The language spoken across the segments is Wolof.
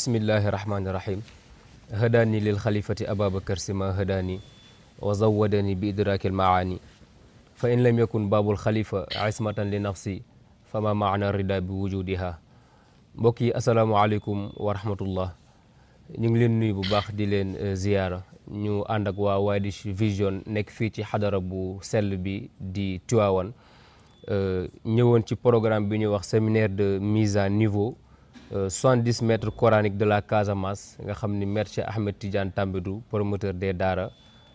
bismillahi rahmaani rahim hadaani lil xalifati ababacar sima hadaani wa zawadani bi idraakil maani fa in lam yakun baabul xalifa ismatan li nafsi fama maana rida bi wujudiha mbokk yi asalaamualeykum wa rahmatullah ñu ngi leen nuyu bu baax di leen eh, ziyaara ñu ànd ak waa Widish Vision nekk fii ci xadara bu sell bi di Tiwaawan eh, ñëwoon ci programme bi ñuy wax séminaire de mise à niveau 70 maîtres coraniques de la Casamance nga xam ni maître Cheikh Ahmed Tidiane Tambidou promoteur des daara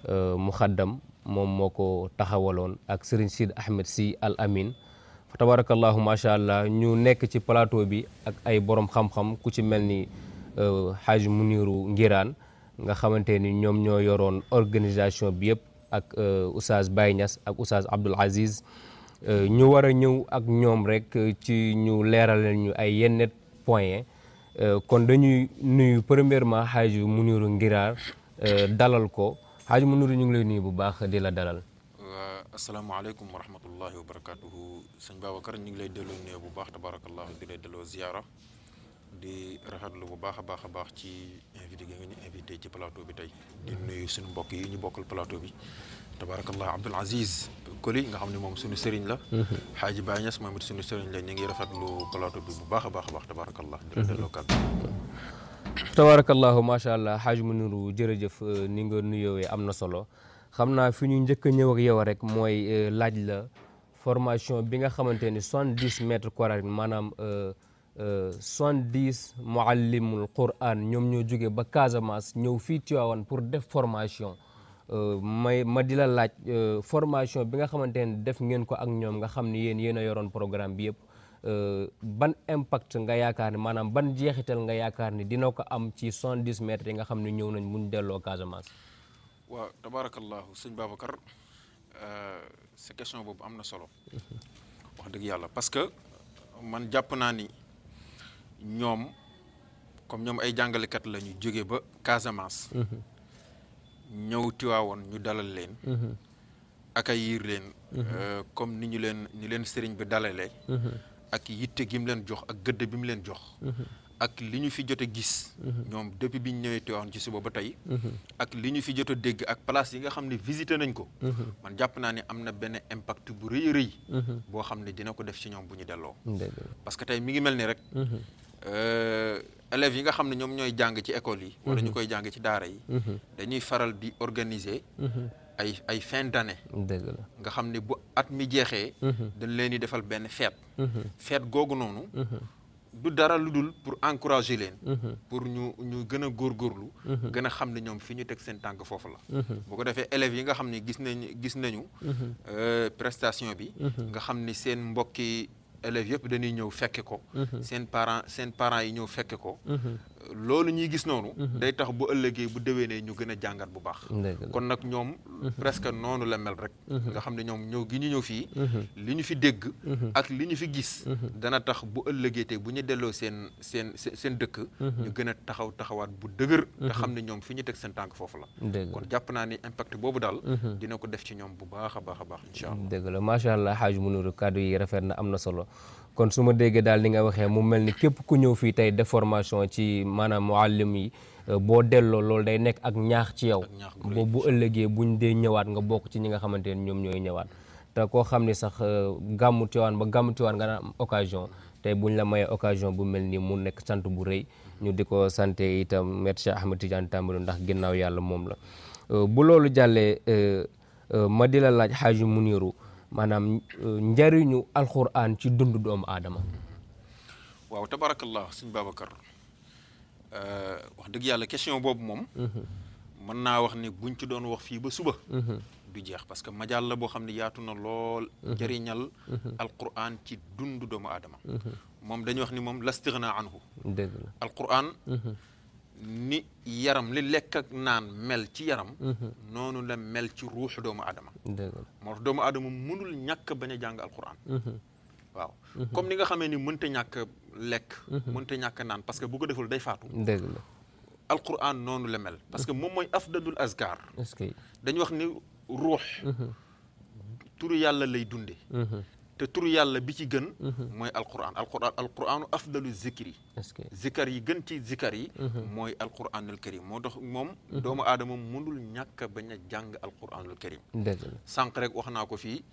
euh, muxaddam moom moo ko taxawaloon ak Serigne Sid Ahmed si al amin fa tabarakallahu macha allah ñu nekk ci plateau bi ak ay boroom xam-xam ku ci mel ni mu euh, Muniru Ngiraan nga xamante ni ñoom ñoo yoroon organisation bi yëpp ak euh, Oustaz Baye Niass ak Oustaz Abdoul Aziz ñu war a ñëw ak ñoom rek ci ñu leeralal ñu ay yennet point euh, kon dañuy nuyu premièrement Hadj Mounirou Ngiraar euh, dalal ko Hadj Mounirou ñu ngi lay nuyu bu baax di la dalal. Euh, asalaamaaleykum wa rahmatullahi wa barakaatuhu sëñ kar ñu ngi lay delloo nuyu bu baax tabarakallah di lay delloo ziyaara di rafetlu bu baax a baax a baax ci invité gi nga ñu invité ci plateau bi tey di nuyu suñu mbokk yi ñu bokkal plateau bi. tabarakallah Abdoul Aziz Koli nga xam ne moom suñu sëriñ la mhm. xaaji Baye Niass moom it suñu sëriñ la ñu ngi rafetlu plateau bi bu baax a baax a baax tabarakallah mhm. tabarakallahu macha allah xaaji mu nuru jërëjëf euh, ni nga nuyoowee am na solo xam naa fi ñu njëkk a ñëw ak yow rek mooy euh, laaj la formation bi nga xamante ni soixante-dix mètres coranique maanaam euh, soixante-dix muallimul quran ñoom ñoo jugee ba Casamance ñëw fii Tivaouane pour def formation may ma di la laaj euh, formation bi nga xamante ne def ngeen ko ak ñoom nga xam ni yéen yéen a yoroon programme bi yëpp euh, ban impact nga yaakaar ni maanaam ban jeexital nga yaakaar ni dina ko am ci 70 mètres yi nga xam ne ñëw nañ mun delloo Casamance. waaw tabarakallahu sëñ Babacar euh, sa question boobu am na solo. wax dëgg yàlla parce que man jàpp naa ni ñoom comme ñoom ay jàngalekat la ñu jóge ba Casamance. Mm-hmm. ñëw Tiwaawoon ñu dalal leen mhm. accueillir leen mhm. euh, comme ni ñu leen ni leen sëriñ bi dalalee mhm. ak yitte gi mu leen jox ak gëdd bi mu leen jox ak li ñu fi jot a gis ñoom depuis bi ñu ñëwee Tiwaawan ci suba ba tey ak li ñu fi jot a dégg ak place yi nga xam ni visité nañ ko man jàpp naa ne am na benn impact bu rëy rëy boo xam ne dina ko def ci ñoom bu ñu delloo parce que tey mi ngi mel ni rek euh, élèves yi nga xam ne ñoom ñooy jàng ci école yi wala ñu mhm. koy jàng ci daara yi mhm. dañuy faral di organiser mhm. ay ay fin d'année nga xam ne bu at mi jeexee dañ leen di defal benn fête fête googu noonu du dara lu dul pour encourager leen pour ñu ñu gën a góorgóorlu gën a xam ne ñoom fi ñu teg seen tànk foofu la bu ko defee élèves yi nga xam ne gis nañ gis nañu euh, prestation bi nga xam ne seen mbokki élèves yëpp dañuy ñëw fekke ko mhm. seen parent seen parents yi ñëw fekke ko mhm. loolu ñuy gis noonu. Mhm. day tax bu ëllëgee bu dewee ne ñu gën a jàngat bu baax. kon nag ñoom. Mhm. presque noonu la mel rek. Mhm. nga xam ne ñoom ñëw gi ñu ñëw fii. li ñu fi dégg. ak li ñu fi gis. dana tax bu ëllëgee te bu ñu delloo seen seen seen dëkk. ñu gën a taxaw taxawaat bu dëgër. nga xam ne ñoom fi ñu teg seen tànk foofu la. dégg kon jàpp naa ni impact boobu daal. dina ko def ci ñoom bu baax a baax a baax incha allah. dëgg la macha allah xaaju munuru kàddu yi rafet na am na solo. kon su ma déggee daal ni nga waxee mu mel ni képp ku ñëw fii tey def formation ci maanaam muallim yi euh, boo delloo loolu day nekk ak ñaax ci yow bu bu ëllëgee buñ dee ñëwaat nga bokk ci ñi nga xamante ne ñoom ñooy ñëwaat te koo xam ni sax euh, gàmmu Tiwaawan ba gàmmu Tiwaawan nga am occasion tey buñ la mayee occasion bu mel nii mu nekk sant bu rëy ñu di ko sant itam Maître Cheikh ndax ginnaaw yàlla moom la euh, bu loolu jàllee ma di la laaj xaaj yu Xaaji Muniru maanaam euh, njariñu alxuraan ci dundu doomu aadama waaw tabarakallah suñ Babacar euh, wax dëgg yàlla question boobu moom mm-hmm. mën naa wax ne buñ ci doon wax fii ba suba mm-hmm. du jeex parce que majaal la boo xam ne yaatu na lool mm-hmm. njëriñal alquran ci dundu doomu aadama moom dañuy wax ni moom lastighna anhu alquran ni yaram li lekk ak naan mel ci yaram mhm. noonu la mel ci ruuxu doomu adama moo tax doomu aadama mënul ñàkk bañ a jàng alquran mhm. waaw mhm. comme ni nga xamee ni mënta ñàkk lekk mënta ñàkk naan parce que bu ko deful day faatu dëgg la alquran noonu la mel parce que moom mooy afdalul azkar dañu wax ni ruux turu yàlla lay dunde te tur yàlla bi ci gën mhm. mooy alquran alquran alquranu afdalu zikri zikar yi gën ci zikar yi mhm. mooy alquranul karim moo tax moom mhm. doomu aadama mënul ñàkk a bañ a jàng alquranul karim sànq rek wax naa ko fii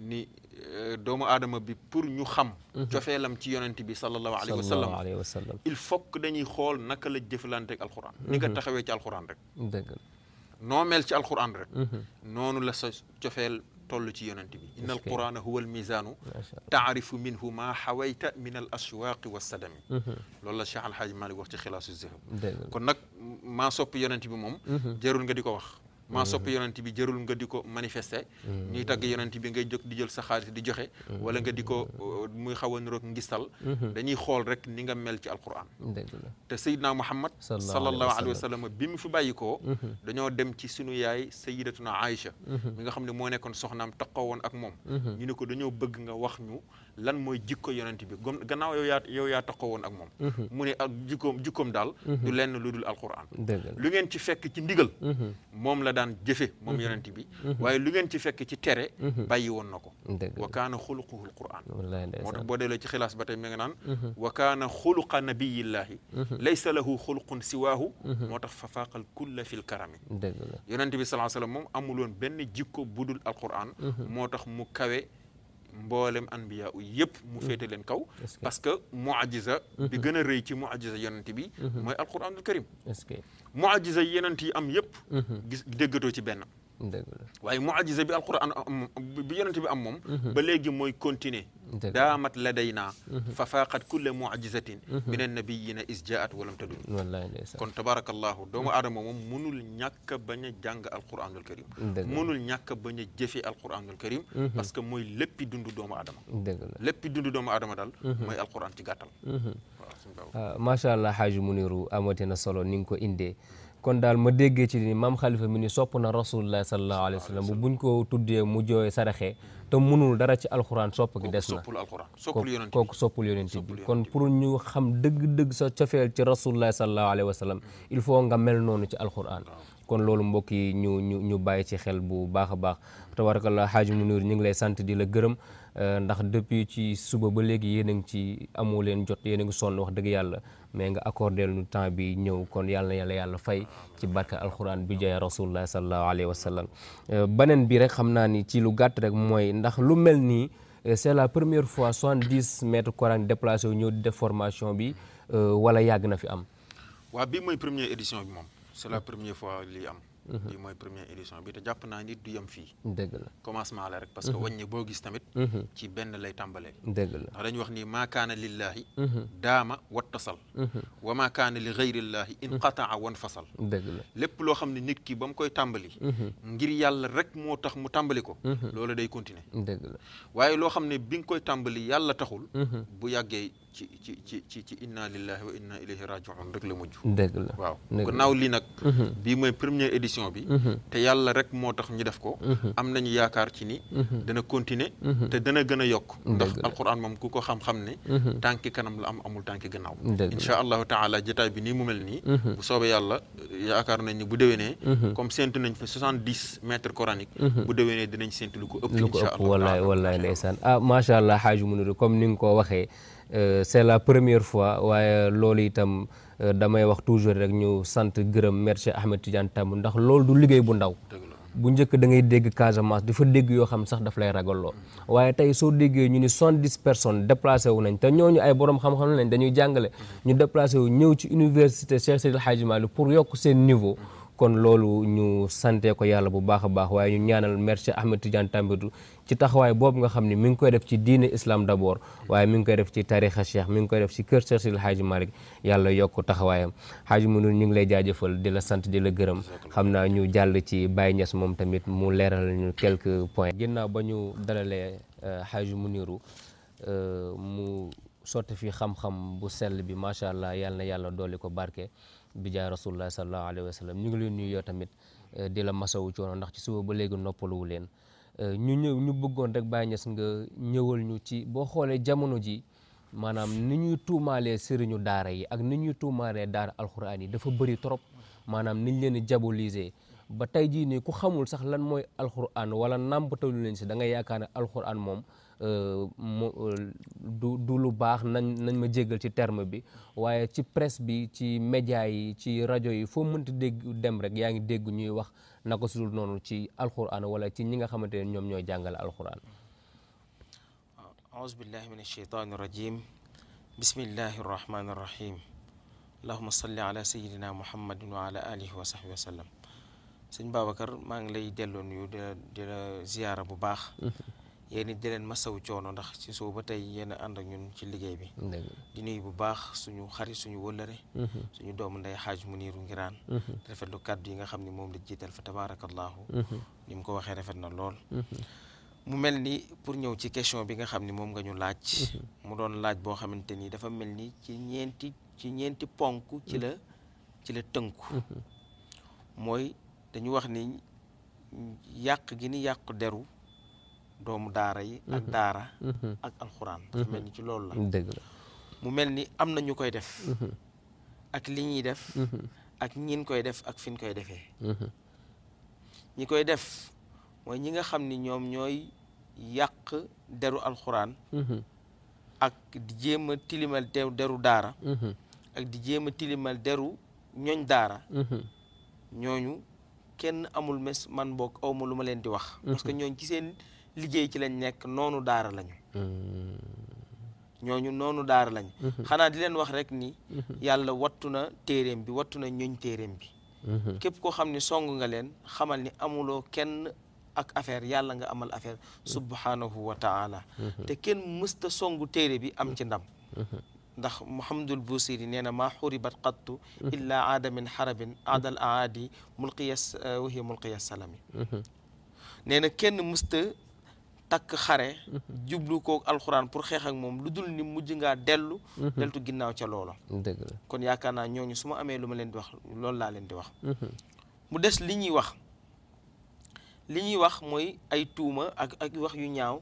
ni euh, doomu aadama bi pour ñu xam cofeelam ci yonent bi sallallahu alayhi wa sallam il faut que dañuy xool naka la jëflanteeg alquran ni nga taxawee ci alquran rek dëgg noo mel ci alquran rek noonu la sa cofeel toll ci yonent bi inna al qurana huwa al misaanu taarifu minhu maa xawayta min al aswaaqi wa sadami mhm. loolu la Cheikh Alhaaji Malick wax ci xilaasu zihab kon nag maa sopp yonent bi moom mhm. jarul nga di ko wax ma sopp yonent bi jërul nga di ko manifester mm. ñuy tagg yonent bi ngay jóg di jël sa xaalis di joxe mm. wala nga di ko uh, muy xaw a niroog ngistal mm-hmm. dañuy xool rek ni nga mel ci alquran te sayidna muhammad sallallahu alayhi wa sallam bi mu fi bàyyi koo mm-hmm. dañoo dem ci sunu yaay sayidatuna aïcha mm-hmm. mi nga xam ne moo nekkoon soxnaam taqawoon ak moom ñu ne ko dañoo bëgg nga wax ñu lan mooy jikko yonent bi gom gannaaw yow yaa yow yaa taxaw woon ak moom mhm. mu ne ak jikkoom jikkoom daal du mhm. lenn lu dul alquran lu ngeen ci fekk ci ndigal mhm. moom la daan jëfe moom yonent bi waaye lu ngeen ci fekk ci tere bàyyi woon na ko wa kaana xuluquhu alquran moo tax boo delloo ci xilaas ba tey mi nga naan wa kaana xuluqa nabiyillahi laysa lahu xuluqun siwaahu moo tax fa faaqal kulla fi karami yonent bi sallallahu alayhi wa sallam moom amuloon benn jikko budul alquran moo tax mu kawe mboolem anbiya u yëpp mu mm. féete leen kaw parce que muajiza bi mm-hmm. gën a rëy ci muajiza yonent bi mm-hmm. mooy alquranul karim muajiza yonent yi am yëpp mm-hmm. gis déggatoo ci benn waaye mucjisa bi alquran bi yonent am moom mhm. ba léegi mooy continuer daamat ladayna mhm. fa faaqat kulle mucjisatin min mhm. annabiyina is jaat walam tadun kon tabarakallahu doomu aadama moom munul ñàkk bañ a jàng alquranul karim munul ñàkk bañ a jëfe alquranul karim parce que mooy léppi dundu doomu aadama léppi dundu doomu aadama daal mooy alquran ci gàttal waaw ah, macha allah xaaju muniru amati na solo ni nga ko indee kon daal ma déggee ci ni maam xalifa mi ni sopp na rasulullah sallallahu alayhi wa sallam bu buñ ko tuddee mu jooy saraxee te munul dara ci alxuraan sopp gi des na kooku soppul yonent bi kon pour ñu xam dëgg-dëgg sa cofeel ci rasulullah sallallahu alayhi wa sallam il faut nga mel noonu ci alxuraan kon loolu mbokk yi ñu ñu ñu bàyyi ci xel bu baax a baax tabarakallah xaaju mu nuur ñu ngi lay sant di la gërëm Euh, ndax depuis ci suba ba léegi yéen a ngi ci amoo leen jot yéen a ngi sonn wax dëgg yàlla mais nga accordé nu temps bi ñëw kon yàlla na yàlla fay ci barka alquran bi jaay rasulullah sallallahu alayhi wa sallam euh, beneen bi rek xam naa ni ci lu gàtt rek mooy ndax lu mel nii euh, c'est la première fois soixante-dix maîtres coraniques déplacé wu ñëw déformation bi wala yàgg na fi am. waaw bii mooy première édition bi moom c'est la première fois lii am. Mhm. lii mooy première édition bi te jàpp naa nit du yem fii. dëgg la commencement la rek. parce que mhm. wàññi boo gis tamit. Mhm. ci benn lay tàmbalee. dëgg la ndax dañuy wax ni maa kaana lillaahi. daama wattasal. wa maa kaana li gayrillaahi inqataa wan fasal. lépp loo xam ne nit ki ba mu koy tàmbali. ngir yàlla rek moo tax mu tàmbali ko. loolu day continuer. dëgg waaye loo xam ne bi nga koy tàmbali yàlla taxul. bu yàggee. ci ci ci ci ci inna lillahi wa inna ilayhi rajiun rek la mujj. dëgg la waaw gannaaw lii nag. Mhm. bii mooy première édition bi. Mhm. te yàlla rek moo tax ñu def ko. Mhm. am nañu yaakaar ci ni. dana continuer. te dana gën a yokk. ndax alquran moom ku ko xam-xam ne. tànki kanam la am amul tànki gannaaw. dëgg incha allahu taala jotaay bi nii mu mel nii. bu soobee yàlla yaakaar nañ ni bu déwénee. comme séntu nañ fa soixante dix mètres coraniques. bu déwénee dinañ séntu lu ko ëpp. incha allah lu ko ëpp wallaay wallaay ndeysaan ah macha allah xaaju ni nga ko waxee. Euh, c'est la première fois waaye loolu itam euh, damay wax toujours rek ñu sant gërëm merci Ahmed Tidiane Tamb ndax loolu du liggéey bu ndaw bu njëkk da ngay dégg Casamance di fa dégg yoo xam sax daf lay ragalloo waaye tey soo déggee ñu ni soixante-dix personnes déplacé wu nañ te ñooñu ay borom xam-xam lañ dañuy jàngale ñu déplacé wu ñëw ci université Cheikh Seydil Hadji Malick pour yokk seen niveau kon loolu ñu sante ko yàlla bu baax a baax waaye ñu ñaanal maire Cheikh Ahmed Tidiane Tambadou ci taxawaay boobu nga xam ne mi ngi koy def ci diine islam d'abord waaye mi ngi koy def ci tarixa cheikh mi ngi koy def ci kër Cheikh Sidil marik Malick yàlla yokk taxawaayam Haaji Munir ñu ngi lay jaajëfal di la sant di la gërëm xam naa ñu jàll ci Baye Niass moom tamit mu leeral ñu quelques point ginnaaw ba ñu dalalee mu euh, Muniru euh, mu sotti fi xam-xam bu sell bi macha allah yàlla yàlla dolli ko barke bi jaay rasulullah sallallahu alayhi wa sallam ñu ngi leen nuyu yow tamit eh, di la masawu coono ndax ci suba ba léegi noppaluwu leen eh, ñu ñëw ñu bëggoon rek Baye Niass nga ñëwal ñu ci boo xoolee jamono ji maanaam ni ñuy tuumaalee sëriñu daara yi ak ni ñuy tuumaalee daara alxuraan yi dafa bëri trop maanaam niñ leen di jaboliser ba tey jii nii ku xamul sax lan mooy alxuraan wala nàmpatalu leen si da nga yaakaar ne alxuraan moom Euh, mu euh, du lu baax nañ nañ ma jéggal ci terme bi waaye ci presse bi ci média yi ci rajo yi foo mënti dégg dem rek yaa ngi dégg ñuy wax naka su noonu ci alxuraan wala ci ñi nga xamante ne ñoom ñooy jàngale alxuraan. aouzu billahi min asheytaani rajim bismillahi rahmaani rahim allahuma salli ala sayidina muhammadin wa ala wa sahbi sëñ Babacar maa ngi lay delloo nuyu bu baax yenn it di leen masawu coono ndax ci soo ba tey yéen ànd ak ñun ci liggéey bi di nuyu bu baax suñu xarit suñu wëllëre mhm. suñu doomu nday xaaj mu niiru ngiraan mhm. di rafetlu kàddu yi nga xam ni moom la jiital fa tabaarakallaahu mhm. ni mu ko waxee rafet na lool mu mel ni pour ñëw ci question bi nga xam ni moom nga ñu laaj mu doon laaj boo xamante nii dafa mel ni ci ñeenti ci ñeenti ponk ci la ci la tënku mooy dañu wax ni yàq gi ni yàq deru doomu daara yi ak mhm. daara mhm. ak alxuraan dafa mhm. mel ni ci loolu la mu mel ni am na ñu koy def ak li ñuy def ak ñin koy def ak fin koy defee ñi koy def mooy ñi nga xam ni ñoom ñooy yàq deru alxuraan ak di jéem a tilimal deru daara ak di jéem tilimal deru ñooñ daara ñooñu kenn amul mes man bokk awma lu ma leen di wax parce ñooñ ci seen liggéey ci leen nekk noonu daara lañu hmm. ñooñu noonu daara lañ hmm. xanaa di leen wax rek ni hmm. yàlla wattu na téeréem bi wattu na ñuñ téereem bi képp koo xam ne song nga leen xamal ni amuloo kenn ak affaire yàlla nga amal affaire subhanahu wa taala te kenn mësta songu téere bi am ci ndam ndax Muhammadul Busiri nee na maa xuribat qattu illaa aada min xarabin aadal aadi mulqiya eh, wahiya mulqiya kenn mësta takk xare mhm. jublu koo alxuraan pour xeex ak moom lu dul ni mujj nga dellu mhm. deltu ginnaaw ca loola kon yaakaar naa ñooñu su ma amee lu ma leen di wax loolu laa leen di wax mhm. mu des li ñuy wax li ñuy wax mooy ay tuuma ak ak wax yu ñaaw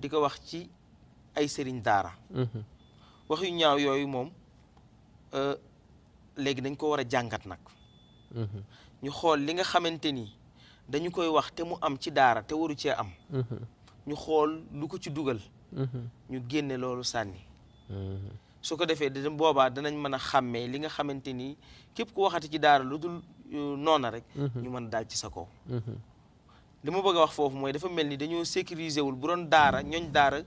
di ko wax ci ay sëriñ daara wax yu ñaaw yooyu moom euh, léegi dañ ko war a jàngat nag ñu xool li nga xamante ni dañu koy wax te mu am ci daara te waru cee am ñu xool lu ko ci dugal mhm. ñu génne loolu sànni mhm. su ko defee da boobaa danañ mën a xàmmee li nga xamante ni képp ku waxati ci daara lu dul euh, noona rek mhm. ñu mën daal ci sa kaw li ma bëgg a wax foofu mooy dafa mel ni dañoo sécuriser wul bu doon daara ñooñ daara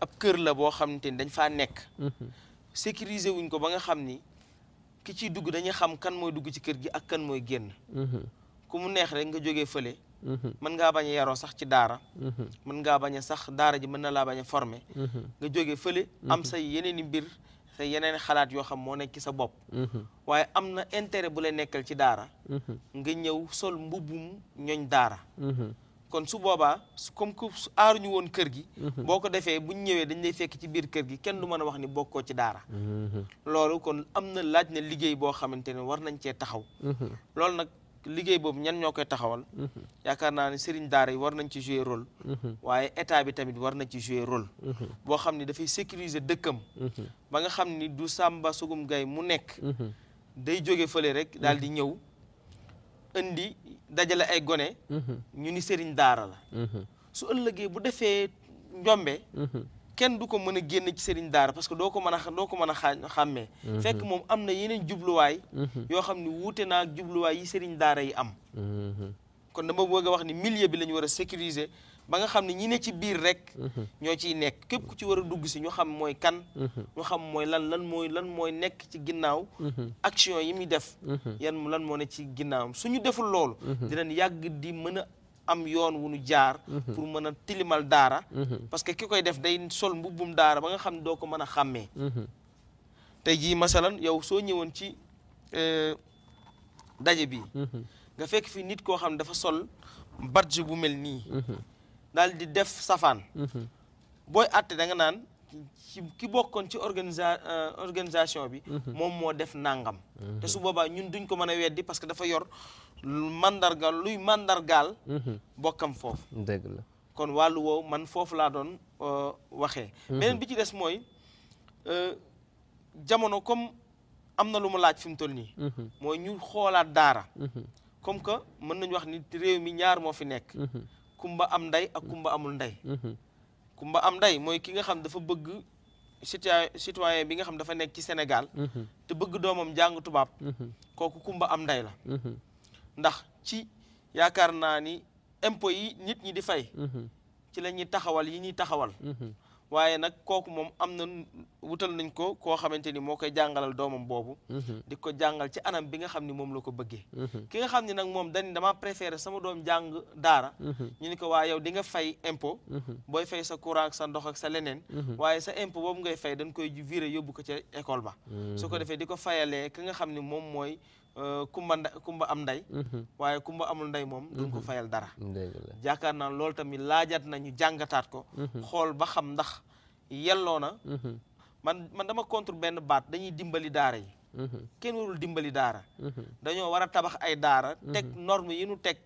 ab kër la boo xamante ni dañ faa nekk sécuriser wuñ ko ba nga xam ni ki ciy dugg dañuy xam kan mooy dugg ci kër gi ak kan mooy génn ku mu neex rek nga jóge fële Mhm. mën ngaa bañ a yaroo sax ci daara mhm. mën ngaa bañ a sax daara ji mën na laa bañ a former mhm. nga jóge fële am say yeneen i mbir say yeneen xalaat yoo xam moo nekk ci sa bopp waaye am na intérêt bu lay nekkal ci daara nga ñëw sol mbubbum ñooñ daara kon su boobaa comme que aaruñu woon kër gi boo ko defee buñ ñëwee dañ lay fekk ci biir kër gi kenn du mën a wax ni bokkoo ci daara loolu kon am na laaj na liggéey boo xamante ne war nañ cee taxaw loolu nag liggéey boobu ñan ñoo koy taxawal mhm. yaakaar naa ne sëriñ daara yi war nañ ci jouer role mhm. waaye état bi tamit war na ci jouer role mhm. boo xam ne dafay sécuriser dëkkam ba nga xam ni du sàmba Sugum Gay mu nekk day jóge fële rek daal di ñëw indi dajale ay gone ñu ni sëriñ daara la su ëllëgee bu defee njombe kenn du ko mën a génn ci sëriñ daara parce que doo ko mën a doo ko mën a xaa xàmmee mhm. fekk moom am na yeneen jubluwaay mhm. yoo xam ne wuute naa ak jubluwaay yi sëriñ daara yi am mhm. kon dama bëgg a wax ni millier bi la ñu war a sécuriser ba nga xam ne ñi ne ci biir rek ñoo ciy nekk képp ku ci war a dugg si ñu xam mooy kan ñu xam mooy lan lan mooy lan mooy nekk ci ginnaaw action yi muy def yan lan moo ne ci ginnaawam ñu deful loolu dinañ yàgg di mën am yoon wu nu jaar mhm. pour mën a tilimal daara mhm. parce que ki koy def day sol mbubbum daara ba nga xam ne doo ko mën a xàmmee mhm. tey jii masalan yow soo ñëwoon ci euh, daje bi nga fekk fii nit koo xam ne dafa sol badge bu mel nii daal di def safaan booy àtte da nga naan ci ki bokkoon ci organisa euh, organisation bi. Mhm. moom moo def nangam. Mhm. te su boobaa ñun duñ ko mën a weddi parce que dafa yor mandargal luy mandargaal. Mhm. bokkam foofu. dëgg kon wàllu woow man foofu laa doon euh, waxee. beneen bi ci des mooy euh, jamono comme am na lu ma laaj fi mu toll nii. mooy ñu xoolaat daara. comme que mën nañu wax ni réew mi ñaar moo fi nekk. kumba am ndey ak kumba amul ndey. kumba am ndey mooy ki nga xam dafa bëgg citoyen bi nga xam dafa nekk ci Sénégal mhm. te bëgg doomam jàng tubaab mhm. kooku kumba am ndey la mhm. ndax ci yaakaar naa ni impôt yi nit ñi di fay ci la ñuy taxawal yi ñuy taxawal waaye nag kooku moom am na wutal nañ ko koo xamante ni moo koy jàngalal doomam boobu mm-hmm. di ko jàngal ci anam bi nga xam ni moom la ko bëggee mm-hmm. ki nga xam ni nag moom dañ dama préféré sama doom jàng daara mm-hmm. ñu ne ko waa yow di nga fay impôt booy fay sa courant ak sa ndox ak sa leneen waaye sa impôt boobu ngay fay dañ koy viré yóbbu ko ca école ba su ko defee di ko fayalee ki nga xam ni moom mooy Euh, kumba nda kumba am nday mhm. waaye kumba amul nday moom duñ ko mhm. fayal dara jaakaar naa loolu tamit laajat na ñu jàngataat ko mhm. xool ba xam ndax yelloo na man man dama contre benn baat dañuy dimbali daara yi kenn warul dimbali daara dañoo war a tabax ay daara teg norme yi nu teg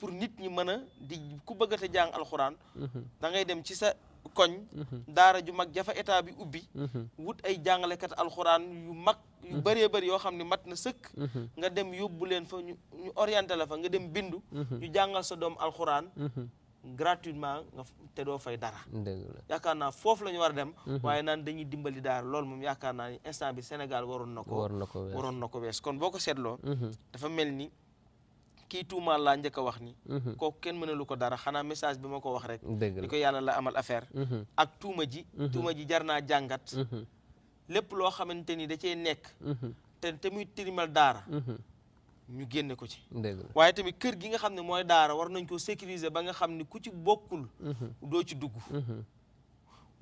pour nit ñi mën a di ku bëgg a jàng alxuraan da dem ci sa koñ mhm. daara ju mag jafa état bi ubbi mhm. wut ay jàngalekat alxuraan yu mag yu mhm. bëree bëri yoo xam ne mat na sëkk nga dem yóbbu leen fa ñu ñu orienté la fa nga dem bindu ñu jàngal sa doom alxuraan gratuitement nga te doo fay dara yaakaar naa foofu la ñu war a dem waaye naan dañuy dimbali daara loolu moom yaakaar naa ni instant bi Sénégal waroon na ko waroon na ko wees kon boo ko seetloo dafa mel ni kii tuumaal laa njëkk a wax ni mhm. kooku kenn mënalu ko dara xanaa message bi ma ko wax rek ni ko yàlla la amal affaire mhm. ak tuuma ji mhm. tuuma ji jar naa jàngat lépp loo xamante ni da cee nekk te muy tirimal daara ñu génne ko ci waaye tamit kër gi nga xam ne mooy daara war nañ ko sécuriser ba nga xam ni ku ci bokkul doo ci dugg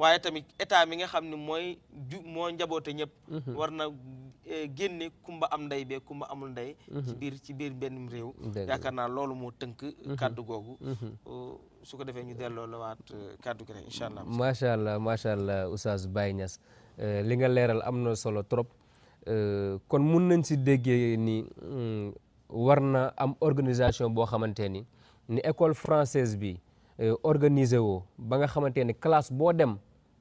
waaye tamit état mi nga xam ne mooy ju moo njaboote ñëpp mhm. war na eh, génne kumba am ndey bee kumba amul ndey mhm. ci biir ci biir benn réew yaakaar naa loolu moo tënk mhm. kàddu googu oh, su ko defee ñu delloo la waat eh, kàddu gi rek incha allah macha allah macha allah oustaz Baye Niass eh, li nga leeral am na solo trop kon mun nañ si déggee ni mm, war na am organisation boo xamante ni ni école française bi organiser woo ba nga xamante ni classe boo dem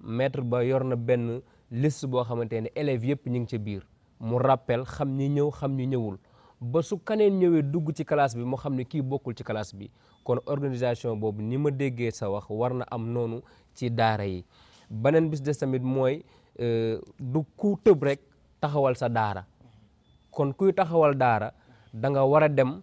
metre ba yor na benn liste boo xamante ne élèves yëpp ñu ngi ca biir mu rappel xam ñi ñëw xam ñi ñëwul ba su kaneen ñëwee dugg ci classe bi mu xam ne kii bokkul ci classe bi kon organisation boobu ni ma déggee sa wax war na am noonu ci daara yi beneen bis des tamit mooy euh, du ku tëb rek taxawal sa daara kon kuy taxawal daara da nga war a dem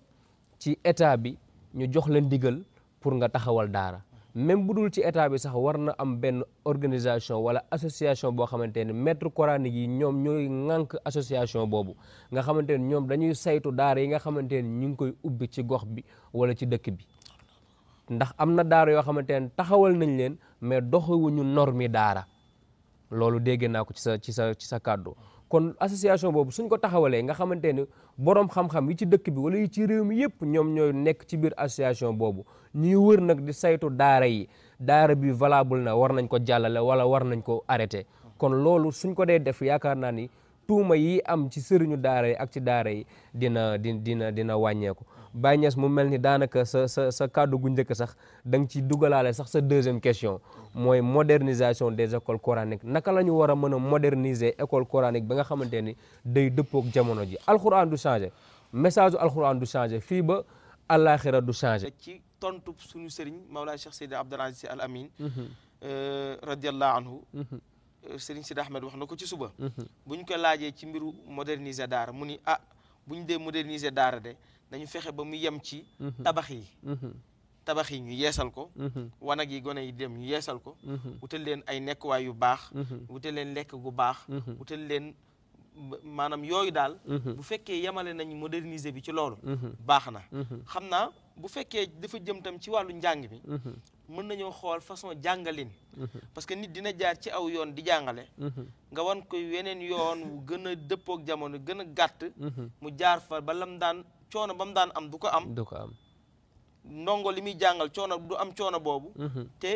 ci état bi ñu jox la ndigal pour nga taxawal daara même bu dul ci état bi sax war na am benn organisation wala association boo xamante ne maître coranique yi ñoom ñooy ŋànk association boobu nga xamante ne ñoom dañuy saytu daara yi nga xamante ne ñu ngi koy ubbi ci gox bi wala ci dëkk bi ndax am na daara yoo xamante ne taxawal nañ leen mais doxewuñu normi daara loolu dégg naa ko ci sa ci sa ci sa kàddu kon association boobu suñ ko taxawalee nga xamante ne borom xam-xam yi ci dëkk bi wala yi ci réew mi yëpp ñoom ñooy nekk ci biir association boobu ñuy wër nag di saytu daara yi daara bi valable na war nañ ko jàllale wala war nañ ko arrêté kon loolu suñ ko dee def yaakaar naa ni tuuma yi am ci sëriñu daara yi ak ci daara yi dina di dina dina wàññeeku Baye Niass mu mel ni daanaka sa sa sa kàddu gu njëkk sax da nga ci dugalaale sax sa deuxième question mooy modernisation des écoles coraniques naka la ñu war a mën a moderniser école coranique ba nga xamante ni day jamono ji alxuraan du changé message u alxuraan du changé fii ba àllaaxira du changé ci tontu suñu sëriñ Mawlaa Cheikh Seydi Abdoul Aziz Al Amin mhm. euh, radiallahu anhu mhm. euh, sëriñ Sidi Ahmed wax na ko ci suba mhm. bu ñu ko laajee ci mbiru moderniser daara mu ni ah bu ñu dee moderniser daara de dañu fexe ba mu yem ci mhm. tabax yi mhm. tabax yi ñu yeesal ko mhm. wanag yi gone yi dem ñu yeesal ko wutal leen ay nekkuwaay yu baax wutal leen lekk gu baax wutal leen maanaam yooyu daal bu fekkee yemale nañ moderniser bi ci loolu baax na xam naa bu fekkee dafa jëm tam ci wàllu njàng mi mhm. mën nañoo xool façon jàngalin mhm. parce que nit dina jaar ci aw yoon di jàngale mhm. nga wan koy weneen yoon wu gën a dëppook jamono gën a gàtt mu jaar fa ba lam daan coono ba mu daan am du ko am du ko am ndongo li muy jàngal coono du am coono boobu te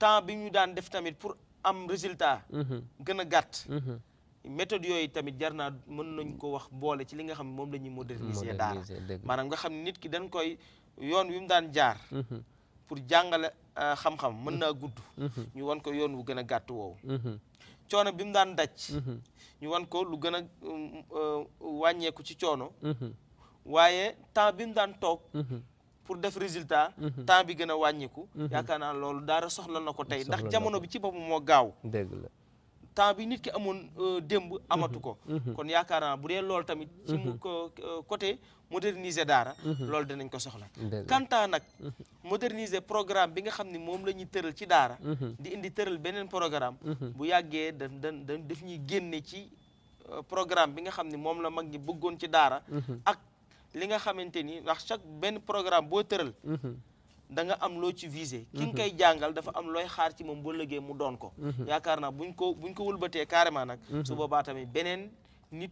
temps bi ñu daan def tamit pour am résultat gën a gàtt méthode yooyu tamit jar naa mën nañ ko wax boole ci li nga xam ne moom la ñuy moderniser daara maanaam nga xam nit ki dañ koy yoon wi mu daan jaar mm-hmm. pour jàngale euh, xam-xam mën naa gudd mm-hmm. ñu wan ko yoon wu gën a gàtt woow mm-hmm. coono bi mu daan daj ñu wan ko lu gën a euh, wàññeeku ci coono waaye temps bi mu daan toog pour def résultat temps bi gën a wàññeeku yaakaar naa loolu daara soxla na ko tey ndax jamono bi ci boppam moo gaaw dëgg la temps bi nit ki amoon euh, démb amatu ko mm-hmm. Mm-hmm. kon yaakaar naa bu dee loolu tamit ci mm-hmm. euh, côté moderniser daara loolu dinañ ko soxla kanta nag moderniser programme bi nga xam ni moom la ñuy tëral ci daara di indi tëral beneen programme bu yàggee da dan da daf ñuy génne ci euh, programme bi nga xam ni moom la mag ñi bëggoon ci daara ak li nga xamante ni ndax chaque benn programme boo tëral da nga am loo ci visé mhm. ki nga koy jàngal dafa am looy xaar ci moom boo lëggee mu doon ko mhm. yaakaar naa buñ ko buñ ko wëlbatee carrément nag mhm. su boobaa tamit beneen nit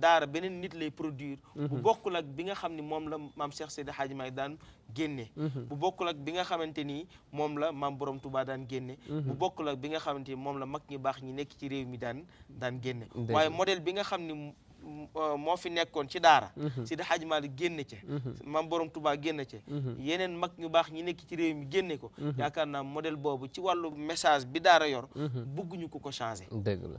daara beneen nit lay produire bu bokkul ak bi nga xam ni moom la maam Cheikh Seydi Hadji Maalik daan génne bu bokkul ak bi nga xamante ni moom la maam Borom Touba daan génne bu bokkul ak bi nga xamante ni moom la mag ñi baax ñi nekk ci réew mi daan daan génne waaye modèle bi nga xam ni Euh, moo fi nekkoon ci daara si mhm. Sidi Hadj Malick génne ca mhm. mam borom Touba génne ce mhm. yeneen mag ñu baax ñi nekk ci réew mi génne ko yaakaar naa modèle boobu ci wàllu message bi daara yor bëgguñu ko ko changé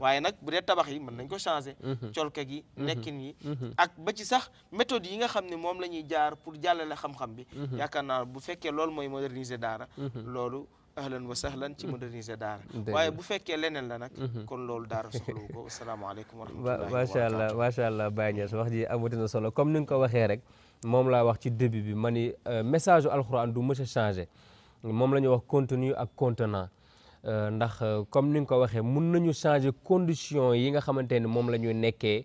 waaye nag bu dee tabax yi mën nañ ko changé colka gi nekkin yi ak ba ci sax méthode yi nga xam ne moom la ñuy jaar pour jàllale xam-xam bi yaakaar naa bu fekkee loolu mooy moderniser daara loolu ahlan wa sahlan ci mm-hmm. moderniser daara waaye bu fekkee leneen la nag mm-hmm. kon loolu daara soxlawu ko asalaamaaleykum wa rahmatullahi macha allah macha allah Baye Niass wax ji amatina solo comme ni nga ko waxee rek moom laa wax ci début bi ma ni euh, message u du mës a moom la ñuy wax contenu ak contenant euh, ndax euh, comme ni nga ko waxee mun nañu changer condition yi nga xamante ni moom la ñuy nekkee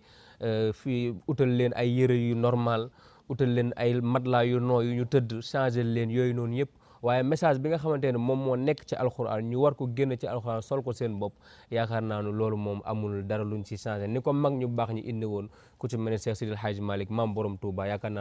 fii utal leen ay yëre yu normal utal leen ay matelas yu nooy yu ñu tëdd changer leen yooyu noonu yëpp waaye message bi nga xamante ne moom moo nekk ci alxuraan ñu war ko génn ci alxuraan sol ko seen bopp yaakaar naa ne loolu moom amul dara luñ ci changé ni ko mag ñu baax ñu indi woon ku ci mel ne Cheikh Sidil Hadj borom Touba yaakaar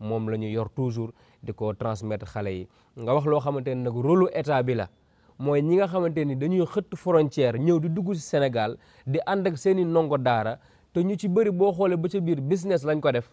moom la ñu yor toujours di ko transmettre xale yi nga wax loo xamante ne nag rôle état bi la mooy ñi nga xamante ni dañuy xëtt frontière ñëw di dugg ci Sénégal di ànd ak seen i ndongo daara te ñu ci bëri boo xoolee ba ca biir business lañ ko def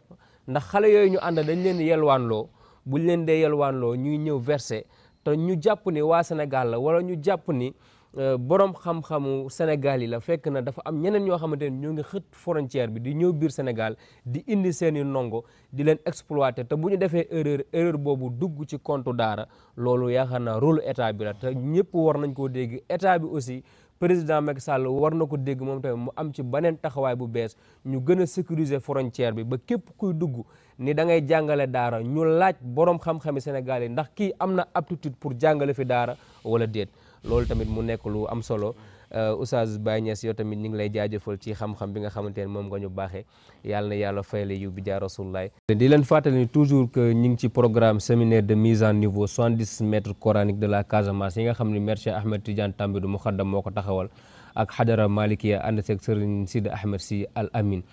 ndax xale yooyu ñu ànd dañ leen loo buñ leen dee yalwaanloo ñuy ñëw verser te ñu jàpp ni waa Sénégal la wala ñu jàpp ni euh, borom xam-xamu Sénégal yi la fekk na dafa am ñeneen ñoo xamante ni ñoo ngi xët frontière bi di ñëw biir Sénégal di indi seen i ndongo di leen exploiter te bu ñu defee erreur erreur boobu dugg ci compte daara loolu yaakaar naa rôle état bi la te ñëpp war nañ koo dégg état bi aussi. président Macky Sall war na ko dégg moom tamit mu am ci beneen taxawaay bu bees ñu gën a sécuriser frontière bi ba képp kuy dugg ni da ngay jàngale daara ñu laaj borom xam-xami Sénégal yi ndax kii am na aptitude pour jàngale fi daara wala déet loolu tamit mu nekk lu am solo. Euh, Oustaz Baye Niass yow tamit ñu ngi lay jaajëfal ci xam-xam bi nga xamante ne moom nga ñu baaxee yàlla na yàlla fay la yiw bi jaa rasulullaay di leen fàttali ni toujours que ñu ngi ci programme séminaire de mise en niveau 70 mètres coraniques de la Casamance yi nga xam ne Maître Cheikh Ahmed Tidiane Tambidou mu xaddam moo ko taxawal ak xadara maliki ànd seeg Serigne Sidi Ahmed si al amin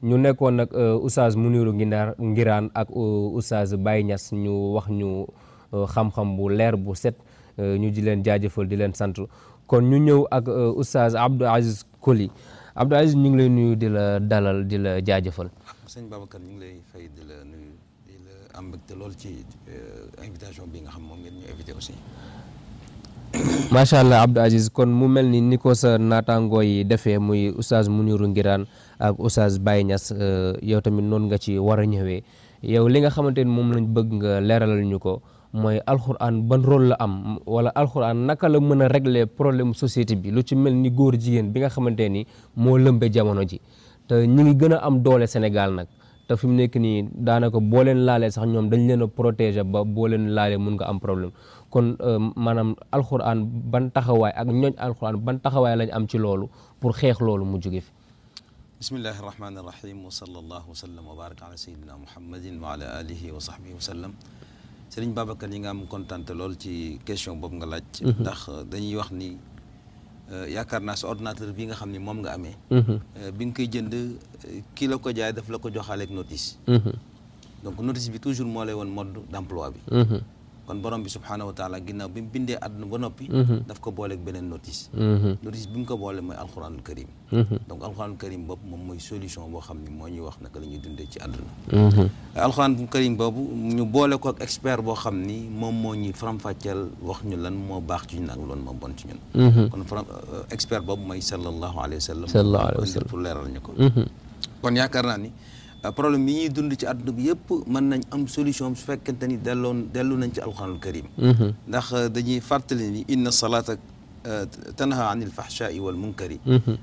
ñu nekkoon nag euh, Oustaz Muniru Nginaar Ngiraan ak euh, Oustaz Baye ñas ñu wax ñu xam-xam bu leer bu set ñu di leen jaajëfal di leen sant kon ñu ñëw ak euh, oustaz Abdou Aziz Koli Abdou Aziz ñu ngi lay nuyu di la dalal di la jaajëfal. Ah, sëñ Babacar ñu ngi lay fay di la nuyu di la am mbégte ci euh, invitation bi nga xam moom ngeen ñu invité aussi. macha allah Abdou Aziz kon mu mel ni ni ko sa naataangoo yi defee muy oustaz Mounirou Ngiraan ak oustaz Baye Niass euh, yow tamit noonu nga ci war a ñëwee yow li nga xamante ni moom lañ bëgg nga leeralal ñu ko. mooy alxuraan ban rôle la am wala alxuraan naka la mën a régler problème societé bi lu ci mel ni góor jigéen bi nga xamante ni moo lëmbe jamono ji te ñu ngi gën a am doole Sénégal nag te fi mu nekk nii daanaka boo leen laalee sax ñoom dañ leen a protéger ba boo leen laalee mun nga am problème kon euh, maanaam alxuraan ban taxawaay ak ñooñ alxuraan ban taxawaay lañu am ci loolu pour xeex loolu mu jóge fi bismillahi irrahmani irrahim wa sallallahu wa sallam wa baraka ala sayidina muhammadin wa ala alihi wa sahbihi wa sallam Serigne Babacar yi nga am kontaan lool ci question boobu nga laaj. Mhm. ndax euh, dañuy wax ni euh, yaakaar naa si ordinateur bi nga xam ni moom nga amee. Mhm. Euh, bi nga koy jënd kii la ko jaay daf la ko joxaaleeg notice. Mhm. donc notice bi toujours moo lay woon mode d'emploi bi. kon borom bi subhaanahu wa taala ginnaaw bi mu bindee àdduna ba noppi mhm. daf ko booleeg beneen notice mhm. notice bi mu ko boole mooy alquranul karim mhm. donc alquranul karim boobu moom boo xam ne moo ñuy wax naka la ñuy dundee ci àdduna alquranul ñu boole ko ak expert boo xam ni moom moo ñuy faram-fàcceel wax ñu lan moo baax ci ñun ak loolu moo bon ci ñun kon faram euh, expert boobu mooy sallallahu alayhi wa sallam pour leeral ko kon yaakaar naa ni Euh, problème yi ñuy dund ci àdduna bi yëpp man nañ am solution su fekkente ni delloon dellu nañ ci alquranul karim mhm. ndax euh, dañuy fàttali ni inna salaata euh, tanha anil fahshai wal munkari mhm.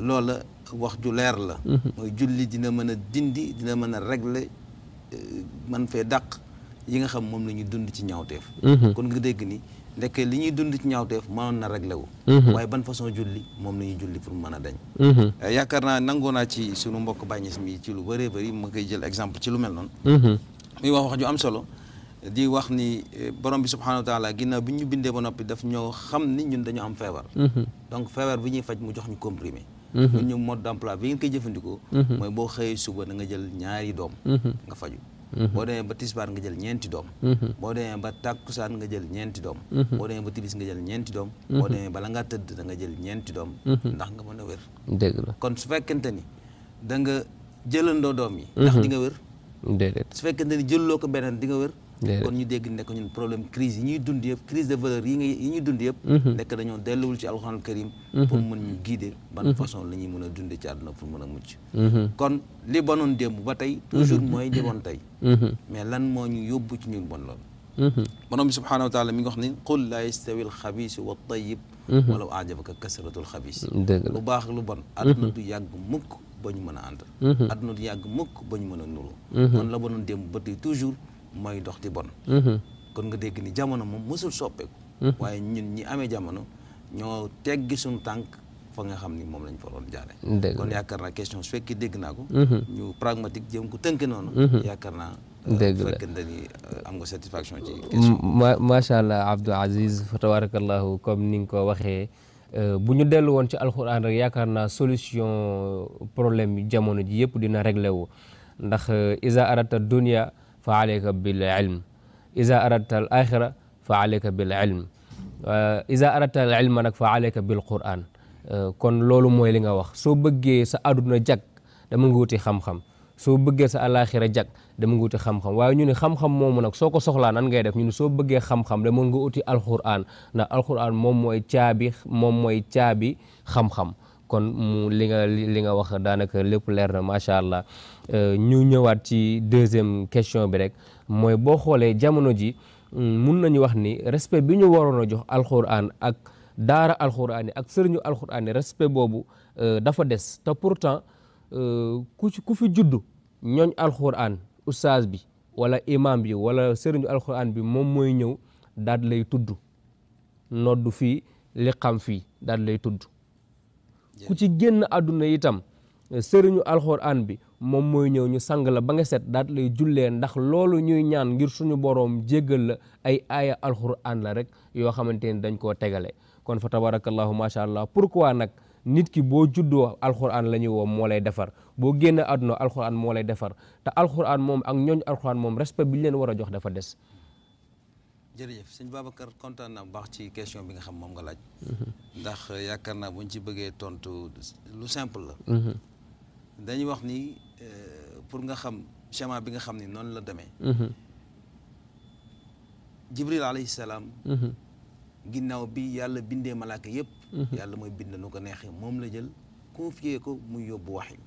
loola wax ju leer la mhm. mooy julli dina mën a dindi dina mën a régler man fee daq yi nga xam moom lañuy dund ci ñaawteef kon nga dégg ni ndeke li ñuy dund ci ñaawteef mënoon na réglé wu mhm. waaye ban façon julli moom la ñuy julli pour mën a dañ mhm. eh, yaakaar naa nangoo naa ci sunu mbokk bàññis mi ci lu bëree bëri ma koy jël exemple ci lu mel noonu mhm. muy wax wax ju am solo di wax ni eh, borom bi subhanahu wa taala ginnaaw bi ñu bindee ba noppi daf ñoo xam ni ñun dañu am feebar donc feebar bi ñuy faj mu jox ñu comprimé ñu mode d'emploi bi ngeen koy jëfandikoo mooy boo xëyee suba na nga jël ñaari doom Mm-hmm. boo demee ba tisbaar nga jël ñeenti doom mm-hmm. boo demee ba tàkkusaan nga jël ñeenti doom mm-hmm. boo demee ba tilis nga jël ñeenti doom boo demee bala ngaa tëdd da nga jël ñeenti doom ndax nga mën a wér kon su fekkente ni da nga jëlandoo doom yi ndax di nga wér déedéet su fekkente ni jëlloo ko beneen di nga wér kon ñu dégg nekk ñun problème crise yi ñuy dund yëpp yi yi mhm. nekk dañoo delluwul ci alxuraan karim mhm. pour mën ñu guider ban mhm. façon la ñuy mën a dunde ci àdduna pour mën a mucc kon li bonoon démb ba tey toujours mooy li mais lan moo ñu yóbbu ci ñu bon loolu borom bi subhaanahu wa mi ngi wax ni qul laa yastawi alxabiisu wa tayib walaw ajabaka lu baax lu bon àdduna du yàgg ba ñu mën a ànd mukk ba ñu mën a nuru kon la bonoon démb ba tey toujours mooy dox ti bon mm-hmm. kon nga dégg ni jamono moom mësul soppeeku mm-hmm. waaye ñun ñi amee jamono ñoo teggi suñu tànk fa nga xam ni moom lañ fa doon jaare yaakaar naa question su dégg naa ko mm-hmm. ñu pragmatique tënk noonu yaakaar naa dëgg la fekkente ni euh, am nga satisfaction ci question macha allah Abdou Aziz fa comme ni nga ko waxee euh, bu ñu dellu woon ci alxuraan yaakaar naa solution euh, problème jamono ji yëpp dina réglé wu ndax isa arata dunia fa alayka bil ilm iza aradta al axira fa alayka bil ilm iza aradta al ilma nag fa alayka bil quran kon loolu mooy li nga wax soo bëggee sa aduna jag dama nga wuti xam-xam soo bëggee sa alaxira jag dama nga wuti xam-xam waaye ñu ne xam-xam moomu nag soo ko soxlaa nan ngay def ñu ne soo bëggee xam-xam dama nga uti alquran ndax alquran moom mooy caabi moom mooy caabi xam-xam kon mu li nga li nga wax daanaka lépp leer na macha allah euh, ñu ñëwaat ci deuxième question bi rek mooy boo xoolee jamono ji mm, mun nañu wax ni respect bi ñu waroon a jox alxuraan ak daara alxuraan ak sëriñu alxuraan yi respect boobu euh, dafa des te pourtant euh, ku ku fi juddu ñooñ alxuraan ustaas bi wala imam bi wala sëriñu alxuraan bi moom mooy ñëw daal lay tudd noddu fii li xam fii daal lay tudd. ku ci génn àdduna itam eh, sëriñu alxuraan bi moom mooy ñëw ñu sang la ba nga set daat lay jullee ndax loolu ñuy ñaan ngir suñu boroom jéggal la ay aaya alxuraan la rek yoo xamante ni dañ koo tegale kon fa tabarakallahu macha allah pourquoi nag nit ki boo juddoo alxuraan la ñuy woo moo lay defar boo génn àdduna alxuraan moo lay defar te alxuraan moom ak ñooñu alxuraan moom respect bi ñu leen war a jox dafa des jërëjëf sëñ Babacar kontaan naa baax ci question bi nga xam moom nga laaj. Mm-hmm. ndax yaakaar naa buñ ci bëggee tontu lu simple la. Mm-hmm. dañu wax ni euh, pour nga xam schéma bi nga xam ni noonu la demee. Mm-hmm. Jibril alayhi salaam. ginnaaw bi yàlla bindee malaaka yëpp. yàlla mooy bind nu ko neexee moom la jël confier ko mu yóbbu wax yi.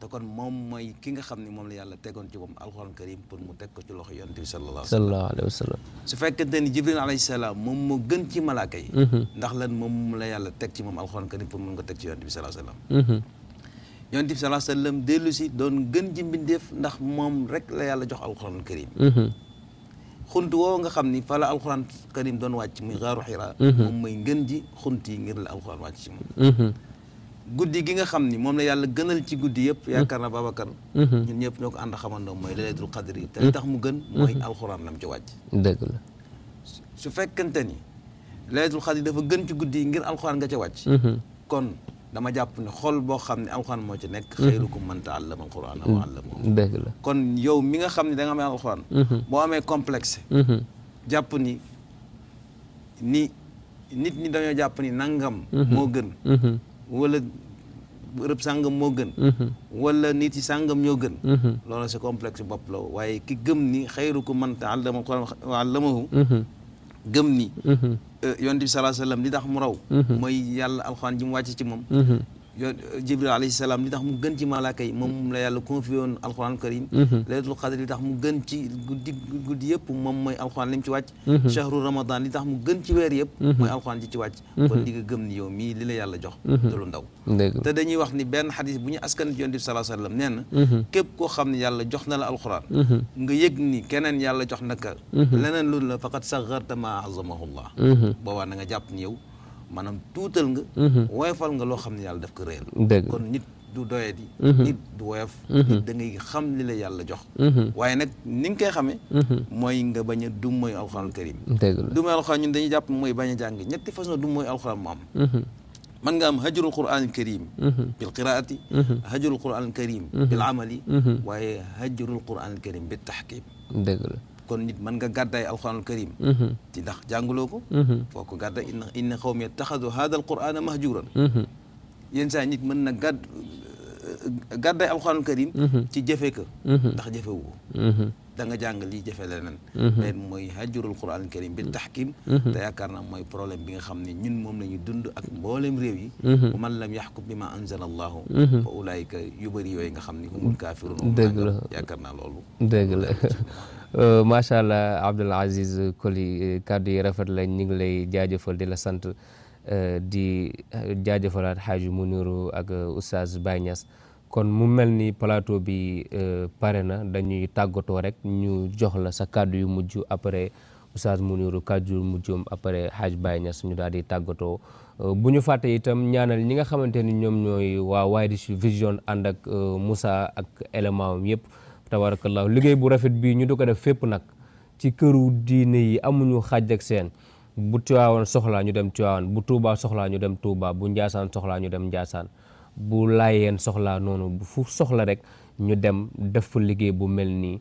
te kon moom mooy ki nga xam ne moom la yàlla tegoon ci moom alxuraan karim pour mu teg ko ci loxo yonent bi sallallahu alayhi wa su fekkente ni jibril alayhi salaam moom moo gën ci malaaka yi mm-hmm. ndax lan moom la yàlla teg ci moom alxuraan karim pour mun ko teg ci yonent bi sallallahu alayhi wa sallam mm-hmm. yonent dellu si doon gën ji mbindeef ndax moom rek la yàlla jox alxuraan karim mm-hmm. xunt woo nga ni fa la alxuraan karim doon wàcc muy gaaru xira moom mooy ngën ji xunt yi ngir la alxuraan wàcc ci guddi gi nga xam ni moom la yàlla gënal ci guddi yëpp mm-hmm. yaakaar na Babacar mm-hmm. ñun ñëpp ñoo ko ànd xamandoo mooy laylatul qadr te li mm-hmm. tax mu gën mooy alxuraan lam ci wàcc dëgg la su fekkente ni laylatul qadr dafa gën ci guddi yi ngir alxuraan nga ca wàcc kon dama jàpp ne xool boo xam ne alxuraan moo ci nekk xayrukum man ta'allama alxuraan wa allamahu dëgg la kon yow mi nga xam ne da nga amee alxuraan boo amee complexe jàpp ni ni nit ñi dañoo jàpp ni nangam moo gën wala bërëb sàngam moo gën mhm. wala nit yi sàngam ñoo gën mhm. loolu si complexe bopp la waaye ki gëm ni xayrukum man ta'allama al-Qur'aan wa 'allamahu mhm. gëm ni euh, yonent bi sallallahu alayhi wa sallam li tax mu raw mooy yàlla alxuraan ji mu wàcc ci moom yoon jibril alayhi salaam li tax mu gën ci malaaka yi moom la yàlla confié woon alquran karim mhm. laylatul qadr li tax mu gën ci guddi guddi yëpp moom mooy alquran li mu ci wàcc chahru mhm. ramadan li tax mu gën ci weer yëpp mhm. mooy alquran ji ci wàcc kon lu la faqat sagarta ma azamahullah boobaa na nga jàpp ni yow maanaam tuutal nga mhm. woyofal nga loo xam ne yàlla daf ko réel kon nit du doyet yi mhm. nit du woyof mhm. nit da xam li yàlla jox waaye nag ni nga koy xamee mooy nga bañ a dum mooy alxuraan karim dum mooy alxuraan ñun dañuy jàpp mooy a jàng ñetti façon dum mooy alxuraan mu am man nga am hajrul quran al karim bil qiraati hajrul quran al karim bil amali waaye hajrul quran al bil tahkim kon nit mën nga gàddaay alquranul karim mhm. ci ndax jànguloo ko mhm. foo ko gàddaay inna inna xawmi taxadu hada alqurana mahjuran mhm. yenn saa nit mën na gàdd euh, gàddaay alquranul karim ci jëfe ko ndax jëfewu ko da nga jàng lii jëfe leneen mais mooy hajjurul quran karim bil tahkim te yaakaar naa mooy problème bi nga xam ne ñun moom la ñu dund ak mboolem réew yi bu man lam yaxkum bi ma anzala allahu fa ulaayika yu bëri yooyu nga xam ne humul kafirun dëgg la yaakaar loolu Euh, macha allah Abdoul Aziz Koli euh, kàddu yi rafet lañ ñu ngi lay jaajëfal di la sant euh, di jaajëfalaat mu Mouniru ak Oustaz Baye Niass kon mu mel ni palaato bi pare na dañuy tàggatoo rek ñu jox la sa kàddu yu mujj après mu Mouniru kàddu yu mujjum après Hadj Baye Niass ñu daal di tàggatoo. bu ñu fàtte itam ñaanal ñi nga xamante ni ñoom ñooy waa Widish Vision ànd ak Moussa ak élément am yëpp. tabarakallahu liggéey bu rafet bii ñu di ko def fépp nag ci këru diine yi amuñu xaj ak seen bu Tiwaawan soxlaa ñu dem Tiwaawan bu Tuubaa soxlaa ñu dem Tuubaa bu Njaasaan soxlaa ñu dem Njaasaan bu Laayeen soxlaa noonu bu fu soxla rek ñu dem def fa liggéey bu mel nii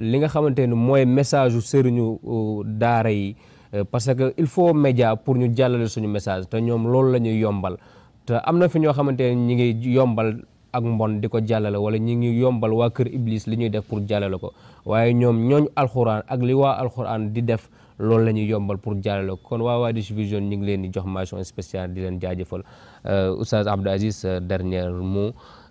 li nga xamante ni mooy message u sëriñu daara yi parce que il faut média pour ñu jàllale suñu message te ñoom loolu la ñuy yombal te am na fi ñoo xamante ne ñi ngi yombal ak mbon di ko jàllale wala ñi ngi yombal waa kër iblis li ñuy def pour jàllale ko waaye ñoom ñooñu alxuraan ak li waa alxuraan di def loolu la ñuy yombal pour jàllale ko kon waa Wadih Vision ñu ngi leen di jox mention spéciale di leen jaajëfal euh, Oustaz Abdou Aziz euh, dernier mot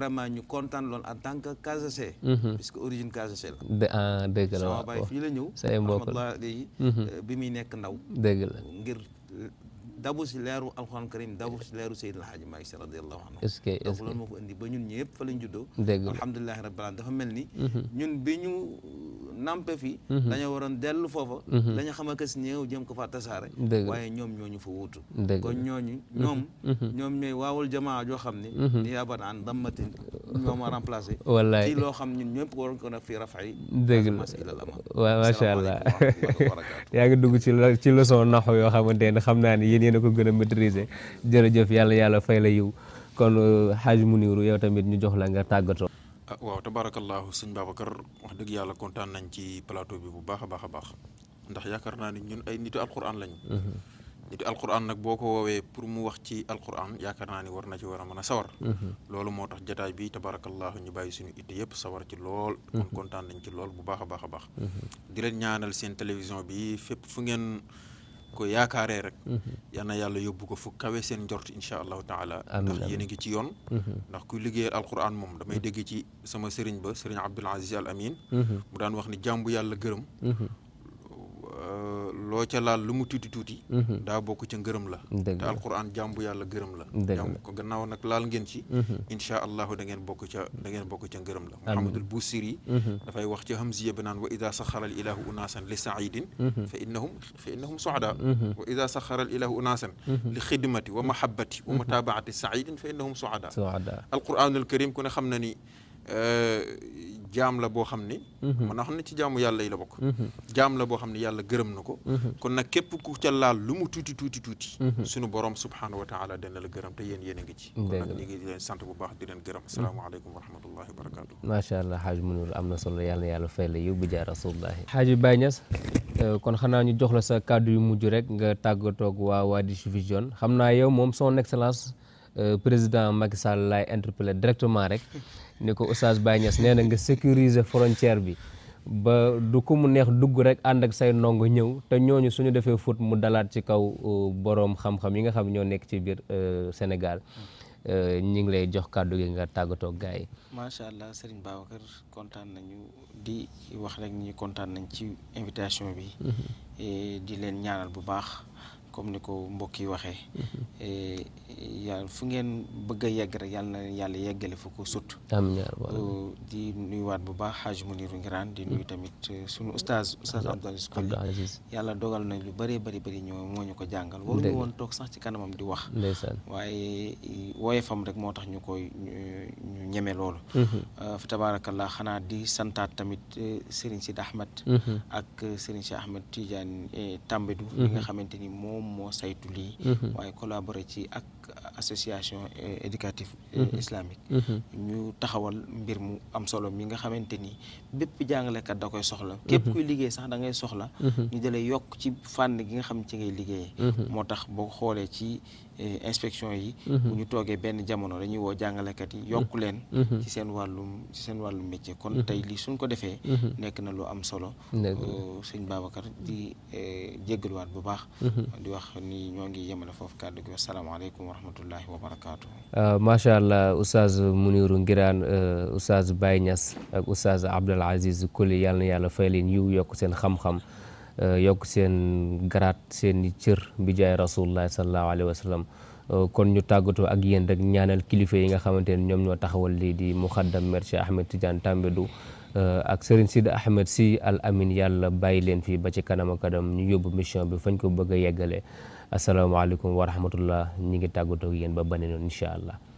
vraiment ñu kontaan lool en tant que Casaçais. Mhm. puisque origine Casaçais la. de ah dëgg la waaw sama fii la ñëw. say mbokk mhm. eh, bi muy nekk ndaw. dëgg la eh, dabu si leeru alxuraan karim dabu si leeru Seydil Hadji Malick Sy radiyallahu anhu est-ce que donc loolu moo ko indi ba ñun ñëpp fa lañ juddoo dégg alhamdulilahi rabbil alamin dafa mel ni mhm. ñun bi ñu nampe fii mhm. dañoo waroon dellu foofa la mhm. ñu xam akas ñëw jëm ko fa tasaare waaye ñoom ñooñu fa wuutu kon ñooñu ñoom ñoom ñooy waawul jamaa joo xam ne ni yaaban an dammatin ñoom a remplacé wallaay ci loo xam ñun ñëpp waroon ko nag fii rafa yi dégg la waaw macha allah yaa ngi dugg ci ci leçon naxu yoo xamante ne xam naa ne yéen yéen a ko gën a maîtriser jërëjëf yàlla yàlla fay la yiw kon xaaj euh, Muniru yow la nga tàggatoo. ah waaw tabaarakallaahu sëñ yàlla kontaan nañ ci plateau bi bu baax a baax a baax ndax yaakaar naa ni ñun ay nitu alquran lañu. Mhm. nitu alquran nag boo ko woowee pour mu wax ci alquran yaakaar naa ni war na ci war a mën a sawar. Mhm. loolu moo tax jataay bi tabaarakallaahu ñu bàyyi suñu it yëpp sawar ci lool. Mhm. kon kontaan nañ ci lool bu baax a baax a baax. di leen ñaanal seen télévision bi fépp fu ngeen. ko yaakaaree rek mhm. yal na yàlla yóbbu ko fu kawe seen njort incha allahu taala ndax yéen a ngi ci yoon mhm. ndax kuy liggéeyal alquran moom damay mhm. dégg ci sama sëriñ ba sëriñ Abdul Aziz Al Amin mu daan wax ni jàmbu yàlla gërëm Euh, loo ca laal lu mu tuuti tuuti. Mhm. daa bokk ca ngërëm la. te alquran jàmbu yàlla gërëm la. dëgg ko gannaaw nag laal ngeen ci. Mhm. incha allahu da ngeen bokk ca da ngeen bokk ca ngërëm la. amiin Muhammadul Busiri. Mhm. dafay wax ca Hamziya bi naan wa ida saxara al ilahu unasan li saidin. fa innahum fa innahum suada. wa ida saxara al ilahu unasan. li xidmati wa mahabbati wa mutaabaati saidin fa innahum suada. alquranul karim ku ne xam na ni. Euh, jaam la boo xam ni mën mhm. naa xam ne ci jaamu yàlla yi la bokk mhm. jaam la boo xam ne yàlla gërëm na ko mhm. kon nag képp ku ca laal lu mu tuuti tuuti tuuti suñu borom subhaanahu wa taala dana la gërëm te yéen yéen a ngi ci kon nag ñu ngi leen sant bu baax di leen gërëm asalaamaaleykum wa rahmatullahi wa barakatuh macha allah xaaju munul am na solo yàlla yàlla fay la yóbbu jaar rasulullahi xaaju Baye euh, kon xanaa ñu jox la sa kàddu yu mujj rek nga tàggatoog waa Wadis Vision xam naa yow moom soo son excellence euh, président Macky Sall laay interpellé directement rek ni ko Oustaz Baye Niass nee na nga sécuriser frontière bi ba du ko mu neex dugg rek ànd ak say ndongo ñëw te ñooñu suñu defee fut mu dalaat ci kaw euh, boroom xam-xam yi nga xam ñoo nekk ci biir euh, Sénégal euh, ñi ngi lay jox kàddu gi nga tàggatoo gars yi. macha allah Serigne kër kontaan nañu di wax rek ñi kontaan nañ ci invitation bi. Mm-hmm. di leen ñaanal bu baax comme ni ko mbokk yi waxee. Mm-hmm. yàlla fu ngeen bëgg a yegg rek yàlla na leen yàlla yeggale fa ko sut oh, di nuyuwaat bu baax xaaj Muniru Ngiraan di nuyu mm. tamit uh, sunu oustaz oustaz Abdou Aziz Koli yàlla dogal na lu bëree bëri bëri ñoo moo ñu ko jàngal waruñu woon toog sax ci kanamam di wax waaye uh, woyefam rek moo tax ñu koy ñu ñeme loolu mm-hmm. uh, fa tabarakallah xanaa di santaat tamit Serigne Sid Ahmed mm-hmm. ak Serigne Cheikh Ahmed Tidiane eh, Tambédou mm-hmm. li nga xamante ni moom moo saytu lii waaye collaboré ak association eh, éducative mm-hmm. islamique mm-hmm. ñu taxawal mbir mu am solo mi nga xamante ni bépp jàngalekat da koy soxla mm-hmm. képp kuy liggéey sax da ngay soxla ñu dalee yokk ci fànn gi nga xam ci ngay liggéeyee moo tax boo xoolee ci Eh, inspection yi mhm. bu ñu toogee benn jamono dañuy woo jàngalekat yi yokk leen mhm. ci seen wàllum ci seen wàllum métier kon mhm. tey li suñ ko defee nekk na lu am solo euh, sëñ Babacar di eh, jéggaluwaat bu baax di wax nii ñoo ngi yemale foofu kàddu gi wasalaamaaleykum wa rahmatullahi wa barakaatu euh, macha allah oustaz Muniru Ngiraan euh, oustaz Baye ñas ak oustaz Abdul Aziz Koli yàlla yàlla fay leen yiw yokk seen xam-xam Euh, yokk seen garaat seen i cër bi jaay rasulullah sallallahu alayhi wa euh, kon ñu tàggatoo ak yéen rek ñaanal kilifa yi nga xamante ne ñoom ñoo taxawal lii di mu muxaddam merci Ahmed Tidiane Tambédou euh, ak Serigne Sidi Ahmed si al amin yàlla bàyyi leen fii ba ci kanam ak kanam ñu yóbbu mission bi fañ ko bëgg a yeggale asalaamaaleykum wa rahmatullah ñi ngi tàggatoo ak yéen ba beneen yoon incha allah.